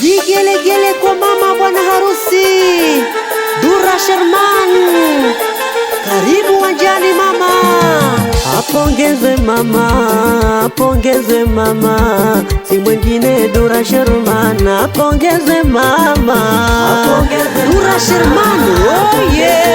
Vigelegele kwa mama bwana harusi Dura Sherman, karibu wanjani mama. Apongeze mama, apongeze mama, si mwingine Dura Sherman. Apongeze mama, apongeze Dura Sherman, oh yeah.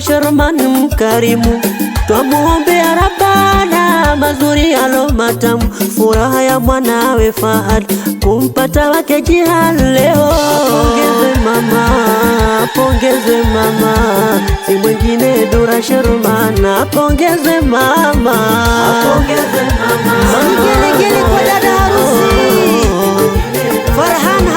Sharman mkarimu, twamuombea Rabbana mazuri alo matamu, furaha ya mwanawe Fahad kumpata wake Jihan leo. Pongeze mama, pongeze mama, si mwingine Dura Sharman, pongeze mama, pongeze mama, mama. Gele gele kwa dada harusi Farhan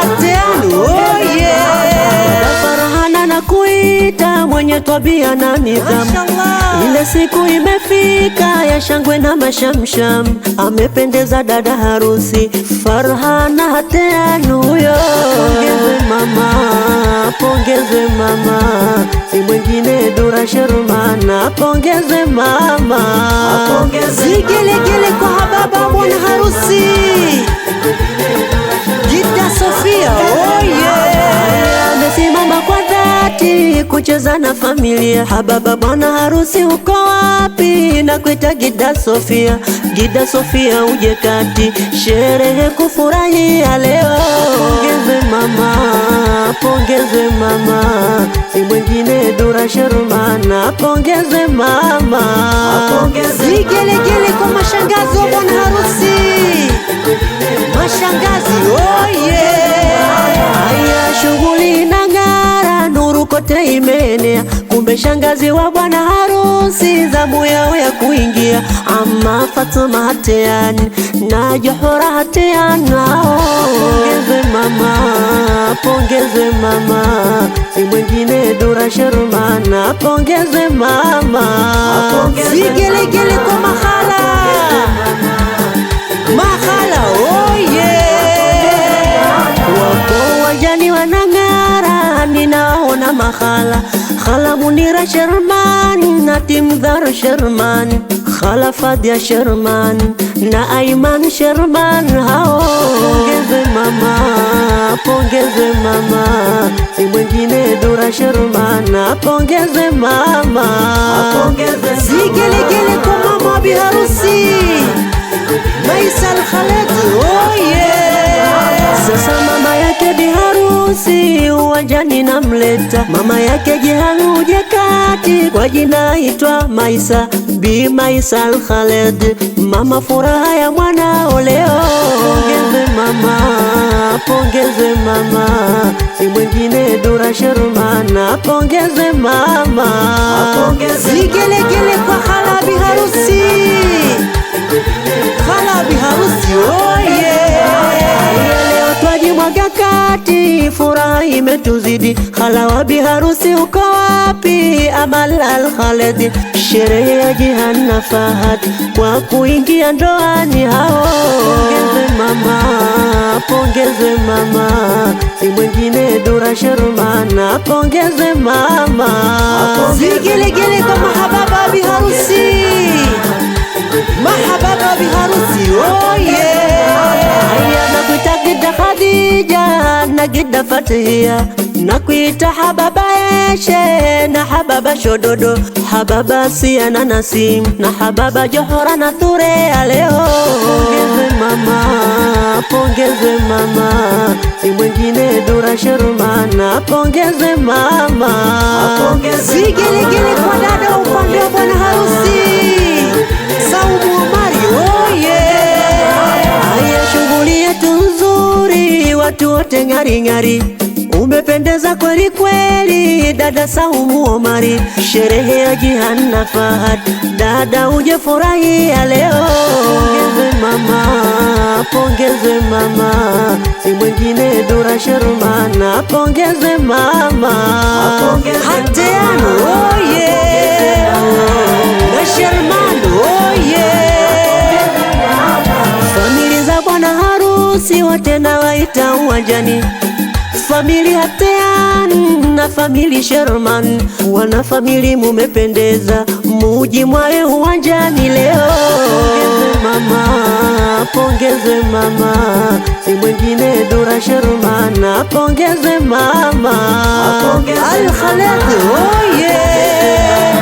tabia na nidhamu. Ile siku imefika ya shangwe na mashamsham, amependeza dada harusi Farhana Hateanu huyo. Pongezwe mama, pongezwe mama, si mwingine Dura Shermana. Pongezwe mama, zigelegele kwa hababa mwana harusi Gita Sofia, oh yeah, kwa Ati kucheza na familia hababa, bwana harusi uko wapi? na kuita Gida Sofia, Gida Sofia uje kati, sherehe kufurahia leo. Pongezwe mama, pongezwe mama, si Dura Sherumana. Pongezwe mama, mama, vigelegele kwa mashangazo kote imenea, kumbe shangazi wa bwana harusi, zamu yao ya kuingia. Ama Fatuma hatian na Johora hatian, pongezwe mama, pongeze mama, si mwingine Dura Sharmana, pongeze mama, si gelegele kwa mahala mahala, oye oh خاله خاله منيرة شرمان نتيم دار شرمان خاله فادية شرمان نا أيمن شرمان هاو pongeze mama pongeze mama si mwingine Dura Sherman apongeze mama apongeze zigelegele kwa mama biharusi Maisal Khaled oh yeah sasa mama yake biharusi uwanjani namleta, mama yake jiharuja kati kwa jina aitwa Maisa, Bi Maisa Al Khaled, mama furaha ya mwana leo. Pongeze mama, pongeze mama, si mwingine Dura Sherman. Pongeze mama, pongeze Vigelegele kwa imetuzidi. hala Halawa biharusi uko wapi? Amal al Khaledi, sherehe ya Jihanna Fahad kwa kuingia ndoani hao. Pongezwe mama, pongezwe mama, si mwingine Dura Sharmana, pongezwe mama, zigelegele kwa mahababa biharusi, mahababa biharusi, oh yeah na gida fatia na kuita hababa eshe na hababa shododo hababa siya na nasim na hababa johora na ture aleo. Pongeze mama, pongeze mama, si mwingine Dura Sherumana. Pongeze mama, sigiligili kwa dada upande wa bwana harusi Saumu Omari oye watu wote ng'ari ng'ari, umependeza kweli kweli, dada Saumu Omari, sherehe ya Jihanna Fahad, dada uje furahia leo. Pongezwe mama, pongezwe mama, si mwingine Dura Shermana, pongezwe mama, hateano oh oye Polisi wote na waita uwanjani, familia Tean na famili Sherman, wana famili mumependeza, muji mwawe uwanjani leo. Pongeze mama, pongeze mama, si mwingine Dura Sherman, pongeze mama Al Khaled, oh yeah,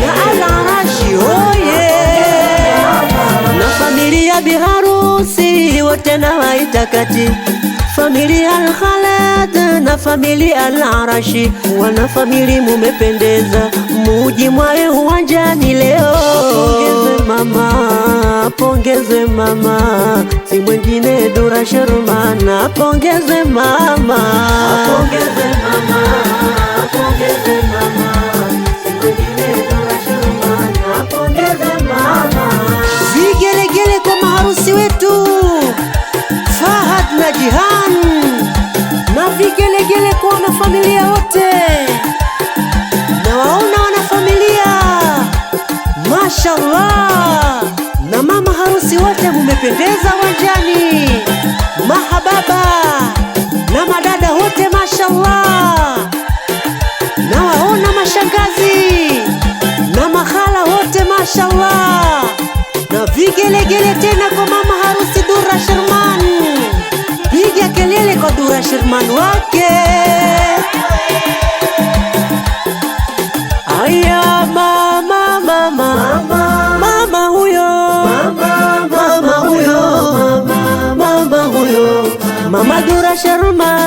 na Al Arashi, oh yeah, na familia Biharu Mausi wote na waitakati familia Al-Khalad na familia Al-Arashi, wana famili mumependeza, muji mwawe uwanjani leo. Pongeze mama, pongeze mama, si mwengine Dura Sharumana, pongeze mama, pongeze mama na jihani na vigelegele kwa wanafamilia wote, na waona wanafamilia, mashallah, na mama harusi wote, mumependeza wanjani, mahababa na madada wote, mashallah, na waona mashangazi na mahala wote, mashallah, na vigelegele tena kwa na Sherman wake aya mama mama mama mama huyo mama mama huyo mama huyo mama Dura Sherman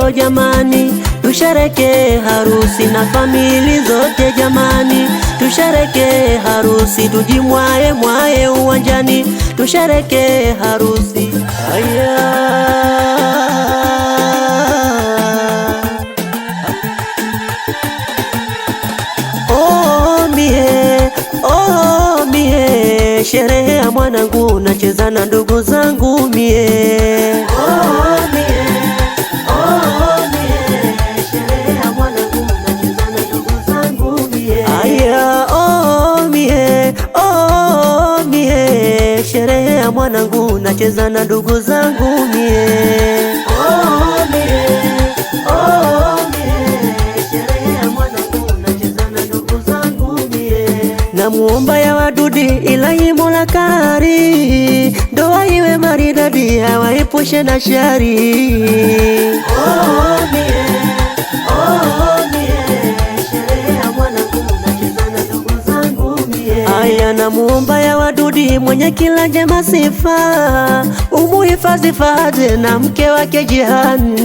leo jamani, tushareke harusi na famili zote jamani, tushareke harusi, tujimwae mwae uwanjani, tushareke harusi haya. Sherehe ya mwanangu, nacheza na ndugu zangu mie kucheza na ndugu zangu mie Namuomba ya wadudi ilahi Mola kari, ndoa iwe maridadi, awaepushe na shari. Oh, oh, mie, oh, oh, mie. na muomba ya wadudi mwenye kila jema sifa, umuhifadhi Fahadi na mke wake Jihan.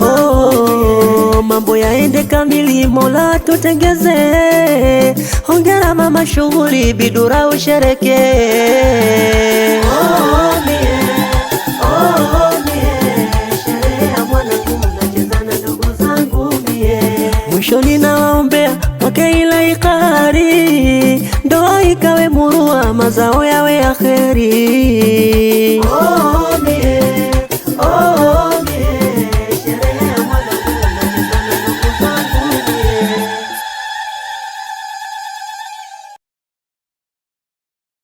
Oh, mambo yaende kamili, Mola tutengeze. Hongera mama, shughuli bidura ushereke oh. Ndio ninawaombea mwake ila ikahari, ndoa ikawe murua, mazao yawe ya kheri oh.